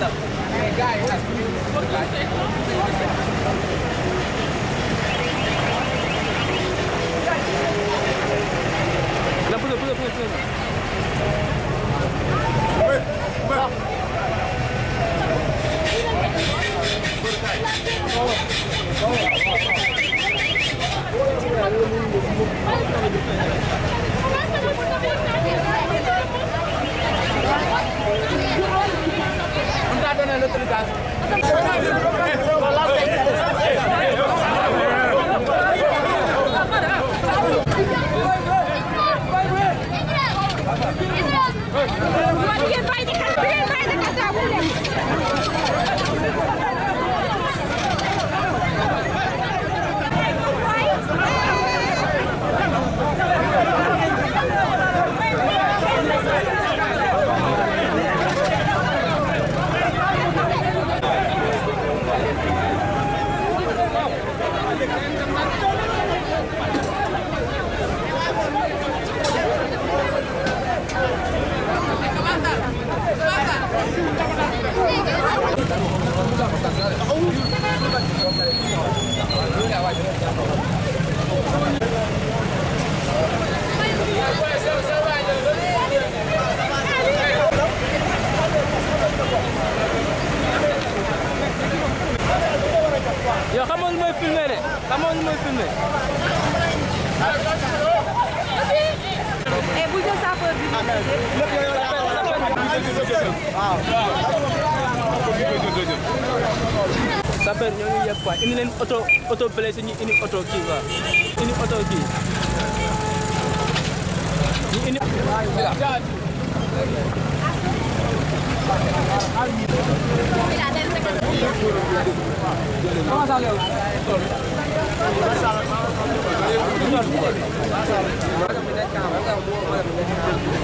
dal la pude pude pude pude Oustaz yow xamoo lu may filmé de xamoo lu may filmé. bu jël saa sapeur ñoo ngi yëpp quoi indi leen oto oto blessé ñu indi oto kii quoi indi oto kii ñu indi Thank you.